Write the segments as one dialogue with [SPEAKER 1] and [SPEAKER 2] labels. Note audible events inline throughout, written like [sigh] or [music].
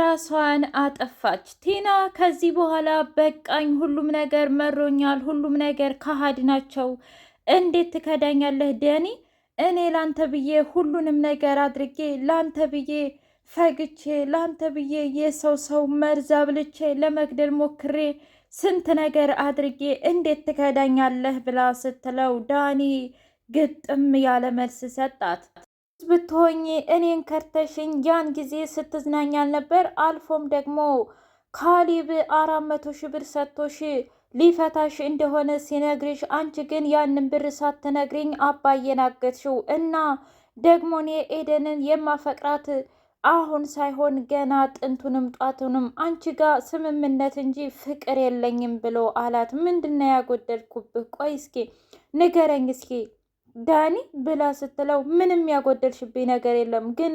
[SPEAKER 1] ራሷን አጠፋች። ቲና ከዚህ በኋላ በቃኝ፣ ሁሉም ነገር መሮኛል፣ ሁሉም ነገር ከሃዲ ናቸው። እንዴት ትከዳኛለህ ደኒ? እኔ ላንተ ብዬ ሁሉንም ነገር አድርጌ ላንተ ብዬ ፈግቼ ላንተ ብዬ የሰው ሰው መርዝ አብልቼ ለመግደል ሞክሬ ስንት ነገር አድርጌ እንዴት ትከዳኛለህ ብላ ስትለው ዳኒ ግጥም ያለ መልስ ሰጣት። ብትሆኝ እኔን ከርተሽኝ ያን ጊዜ ስትዝናኛል ነበር። አልፎም ደግሞ ካሊብ አራት መቶ ሺህ ብር ሰጥቶሽ ሊፈታሽ እንደሆነ ሲነግርሽ፣ አንቺ ግን ያንን ብር ሳትነግሪኝ አባዬን አገትሽው እና ደግሞ እኔ ኤደንን የማፈቅራት አሁን ሳይሆን ገና ጥንቱንም ጧቱንም አንቺ ጋር ስምምነት እንጂ ፍቅር የለኝም ብሎ አላት። ምንድን ነው ያጎደልኩብህ? ቆይ እስኪ ንገረኝ እስኪ ዳኒ ብላ ስትለው ምንም ያጎደልሽብኝ ነገር የለም፣ ግን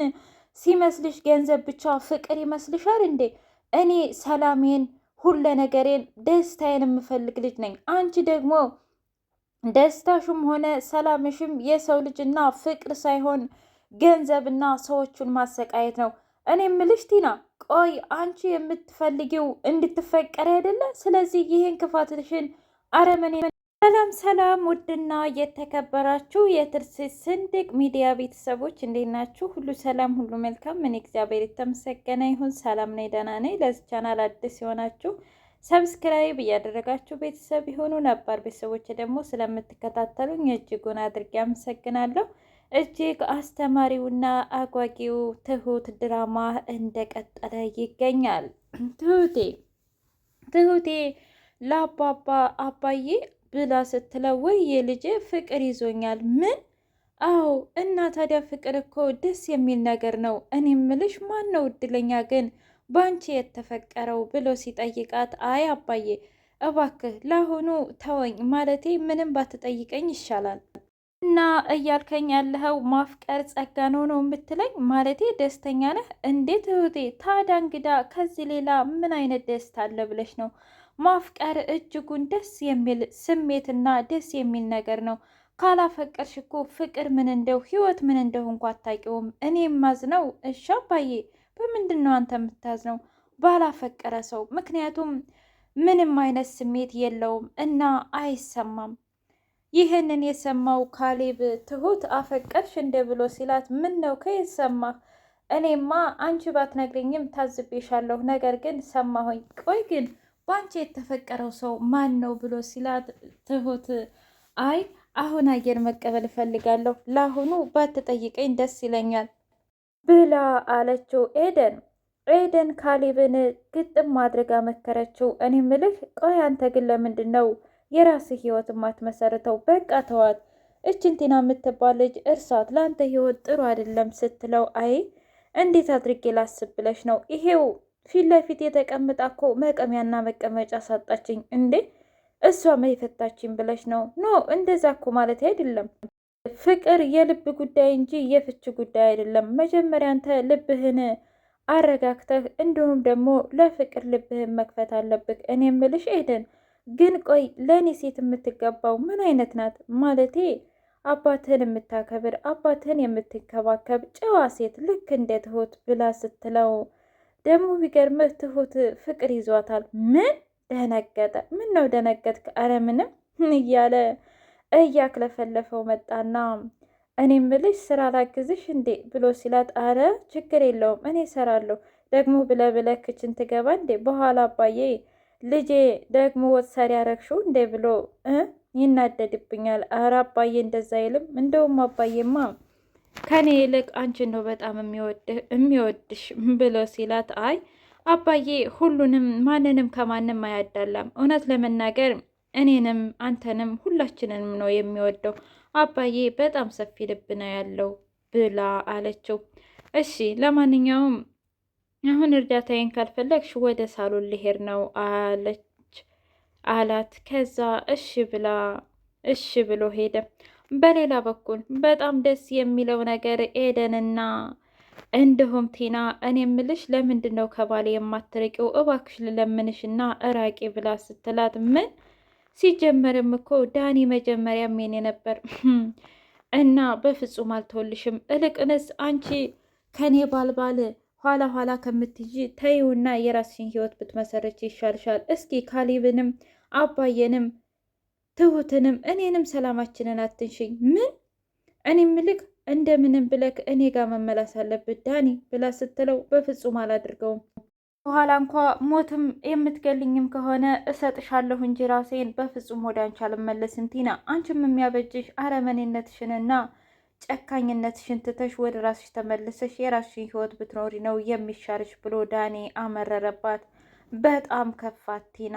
[SPEAKER 1] ሲመስልሽ ገንዘብ ብቻ ፍቅር ይመስልሻል እንዴ? እኔ ሰላሜን፣ ሁለ ነገሬን፣ ደስታዬን የምፈልግ ልጅ ነኝ። አንቺ ደግሞ ደስታሽም ሆነ ሰላምሽም የሰው ልጅና ፍቅር ሳይሆን ገንዘብና ሰዎቹን ማሰቃየት ነው። እኔ ምልሽቲና ቲና፣ ቆይ አንቺ የምትፈልጊው እንድትፈቀሪ አይደለ? ስለዚህ ይህን ክፋትሽን አረመኔ ሰላም ሰላም፣ ውድና የተከበራችሁ የትርስ ስንድቅ ሚዲያ ቤተሰቦች እንዴት ናችሁ? ሁሉ ሰላም፣ ሁሉ መልካም። ምን እግዚአብሔር የተመሰገነ ይሁን። ሰላም ነኝ፣ ደህና ነኝ። ለዚህ ቻናል አዲስ የሆናችሁ ሰብስክራይብ እያደረጋችሁ ቤተሰብ የሆኑ ነባር ቤተሰቦች ደግሞ ስለምትከታተሉኝ እጅጉን አድርጌ አመሰግናለሁ። እጅግ አስተማሪውና አጓጊው ትሁት ድራማ እንደቀጠለ ይገኛል። ትሁቴ ትሁቴ ለአባባ አባዬ ብላ ስትለው ወይ የልጄ ፍቅር ይዞኛል። ምን? አዎ። እና ታዲያ ፍቅር እኮ ደስ የሚል ነገር ነው። እኔ ምልሽ ማን ነው እድለኛ ግን ባንቺ የተፈቀረው ብሎ ሲጠይቃት፣ አይ አባዬ እባክህ ለአሁኑ ተወኝ፣ ማለቴ ምንም ባትጠይቀኝ ይሻላል። እና እያልከኝ ያለኸው ማፍቀር ጸጋ ነው ነው የምትለኝ? ማለቴ ደስተኛ ነህ እንዴት? እህቴ ታዲያ እንግዳ ከዚህ ሌላ ምን አይነት ደስታ አለ ብለሽ ነው ማፍቀር እጅጉን ደስ የሚል ስሜትና ደስ የሚል ነገር ነው። ካላፈቀርሽ እኮ ፍቅር ምን እንደው ህይወት ምን እንደው እንኳ አታውቂውም። እኔ የማዝነው እሺ አባዬ፣ በምንድን ነው አንተ የምታዝነው? ባላፈቀረ ሰው። ምክንያቱም ምንም አይነት ስሜት የለውም እና አይሰማም። ይህንን የሰማው ካሌብ ትሁት አፈቀርሽ እንደ ብሎ ሲላት፣ ምን ነው ከየት ሰማህ? እኔማ አንቺ ባትነግሪኝም ታዝቤሻለሁ፣ ነገር ግን ሰማሁኝ። ቆይ ግን ባንቺ የተፈቀረው ሰው ማን ነው ብሎ ሲላት ትሁት አይ አሁን አየር መቀበል እፈልጋለሁ፣ ለአሁኑ ባትጠይቀኝ ደስ ይለኛል ብላ አለችው። ኤደን ኤደን ካሊብን ግጥም አድርጋ መከረችው። እኔ ምልህ ቆይ አንተ ግን ለምንድን ነው የራስህ ህይወት ማትመሰርተው? በቃ ተዋት እችን ቲና የምትባል ልጅ እርሳት፣ ለአንተ ህይወት ጥሩ አይደለም ስትለው አይ እንዴት አድርጌ ላስብ ብለሽ ነው ይሄው ፊት ለፊት የተቀምጣ እኮ መቀሚያና መቀመጫ ሳጣችኝ እንዴ! እሷ መይፈታችኝ ብለሽ ነው? ኖ እንደዛ እኮ ማለት አይደለም። ፍቅር የልብ ጉዳይ እንጂ የፍች ጉዳይ አይደለም። መጀመሪያ አንተ ልብህን አረጋግተህ እንዲሁም ደግሞ ለፍቅር ልብህን መክፈት አለብህ። እኔ ምልሽ ኤደን፣ ግን ቆይ ለእኔ ሴት የምትገባው ምን አይነት ናት? ማለቴ አባትህን የምታከብር አባትህን የምትከባከብ ጨዋ ሴት ልክ እንደ ትሁት ብላ ስትለው ደግሞ ቢገርምህ ትሁት ፍቅር ይዟታል። ምን ደነገጠ። ምን ነው ደነገጥክ? አረ ምንም [laughs] እያለ እያክለፈለፈው መጣና እኔ ምልሽ ስራ ላግዝሽ እንዴ ብሎ ሲላት፣ አረ ችግር የለውም እኔ እሰራለሁ ደግሞ ብለ ብለ ክችን ትገባ እንዴ በኋላ አባዬ ልጄ ደግሞ ወጥ ሰሪ ያረግሽው እንዴ ብሎ ይናደድብኛል። አረ አባዬ እንደዛ አይልም። እንደውም አባዬማ ከኔ ይልቅ አንቺን ነው በጣም የሚወድሽ ብሎ ሲላት፣ አይ አባዬ ሁሉንም ማንንም ከማንም አያዳላም። እውነት ለመናገር እኔንም አንተንም ሁላችንንም ነው የሚወደው አባዬ በጣም ሰፊ ልብ ነው ያለው ብላ አለችው። እሺ ለማንኛውም አሁን እርዳታዬን ካልፈለግሽ ወደ ሳሎን ልሄድ ነው አለች አላት። ከዛ እሺ ብላ እሺ ብሎ ሄደ። በሌላ በኩል በጣም ደስ የሚለው ነገር ኤደንና እንዲሁም ቲና እኔ ምልሽ ለምንድን ነው ከባሌ የማትርቂው? እባክሽ ልለምንሽና እራቂ ብላ ስትላት ምን ሲጀመርም እኮ ዳኒ መጀመሪያ ሜን ነበር [clears throat] እና በፍጹም አልተወልሽም። እልቅንስ አንቺ ከኔ ባልባል ኋላ ኋላ ከምትይዥ ተይውና የራስሽን ህይወት ብትመሰረች ይሻልሻል። እስኪ ካሊብንም አባየንም ትሁትንም እኔንም ሰላማችንን አትንሽኝ። ምን እኔ ምልክ እንደምንም ብለክ እኔ ጋር መመላስ አለብህ ዳኒ ብላ ስትለው በፍጹም አላድርገውም በኋላ እንኳ ሞትም የምትገልኝም ከሆነ እሰጥሻለሁ እንጂ ራሴን በፍጹም ወደ አንቺ አልመለስም። ቲና አንቺም የሚያበጅሽ አረመኔነትሽንና ጨካኝነትሽን ትተሽ ወደ ራስሽ ተመልሰሽ የራስሽን ህይወት ብትኖሪ ነው የሚሻልሽ ብሎ ዳኔ አመረረባት። በጣም ከፋት ቲና።